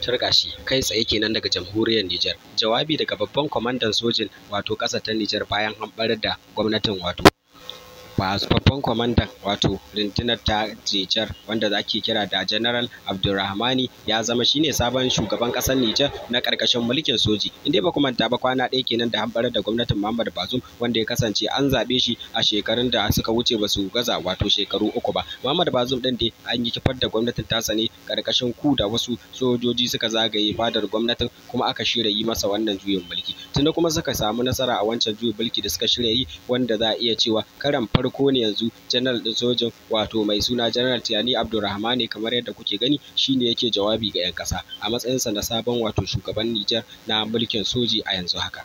ta kai tsaye kenan daga jamhuriyar Nijar. Jawabi daga babban kwamandan sojin wato ƙasa ta Nijar bayan hamɓarar da gwamnatin wato babban kwamandan wato rundunar ta Nijar wanda ake kira da General Abdulrahmani ya zama shi ne sabon shugaban ƙasar Nijar na ƙarƙashin mulkin soji. Inda ba manta ba kwana ɗaya kenan da hambarar da gwamnatin Muhammadu Bazoum wanda ya kasance an zaɓe shi a shekarun da suka wuce ba su gaza wato shekaru uku ba. Muhammadu Bazoum ɗin dai an yi kifar da gwamnatin tasa ne ƙarƙashin ku da wasu sojoji suka zagaye fadar gwamnatin kuma aka shirya yi masa wannan juyin mulki. Tunda kuma suka samu nasara a wancan juyin mulki da suka shirya yi wanda za a iya cewa karan farko farko ne yanzu janar ɗin sojin wato mai suna janar Tiyani Abdulrahmani kamar yadda kuke gani shine yake jawabi ga 'yan kasa a matsayinsa na sabon wato shugaban Nijar na mulkin soji a yanzu haka.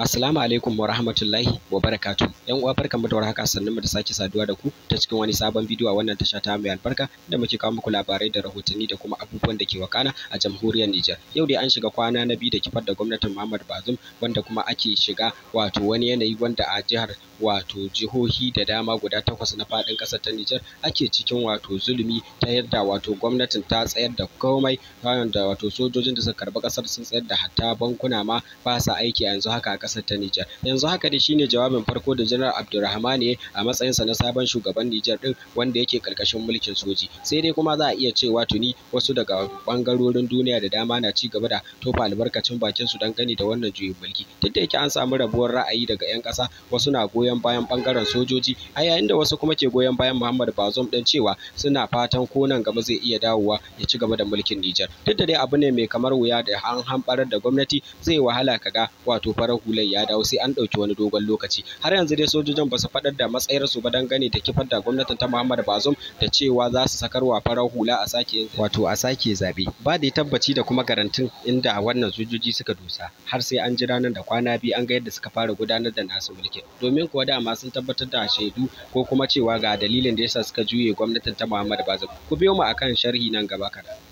Assalamu alaikum wa rahmatullahi wa barakatu. Yan uwa barkanmu da warhaka sannan mu da sake saduwa da ku ta cikin wani sabon bidiyo a wannan tasha ta mai albarka da muke kawo muku labarai da rahotanni da kuma abubuwan da ke wakana a jamhuriyar Nijar. Yau dai an shiga kwana na biyu da kifar da gwamnatin Muhammad Bazum wanda kuma ake shiga wato wani yanayi wanda a jihar wato jihohi da dama guda takwas na faɗin ƙasar ta Nijar ake cikin wato zulumi ta yadda wato gwamnatin ta tsayar da komai bayan da wato sojojin da suka karɓi ƙasar sun tsayar da hatta bankuna ma ba sa aiki yanzu haka ƙasar ta Nijar. Yanzu haka dai shine jawabin farko da Janar Abdulrahmani a matsayinsa na sabon shugaban Nijar din wanda yake karkashin mulkin soji. Sai dai kuma za a iya cewa tuni wasu daga bangarorin duniya da dama na ci gaba da tofa albarkacin bakin su dan gani da wannan juyin mulki. Duk da yake an samu rabuwar ra'ayi daga 'yan ƙasa wasu na goyon bayan bangaren sojoji a yayin da wasu kuma ke goyon bayan Muhammad Bazoum din cewa suna fatan ko nan gaba zai iya dawowa ya ci gaba da mulkin Nijar. Duk da dai abu ne mai kamar wuya da an hanbarar da gwamnati zai wahala kaga wato farar Gulen ya dawo sai an ɗauki wani dogon lokaci har yanzu dai sojojin ba su faɗar da matsayar su ba dangane da kifar da gwamnatin ta Muhammadu Bazoum da cewa za su wa farar hula a sake wato a sake zabe ba da tabbaci da kuma garantin inda wannan sojoji suka dosa har sai an jira nan da kwana biyu an ga yadda suka fara gudanar da nasu mulkin domin kuwa dama sun tabbatar da shaidu ko kuma cewa ga dalilin da yasa suka juye gwamnatin ta Muhammadu Bazoum ku biyo mu akan sharhi nan gaba kaɗan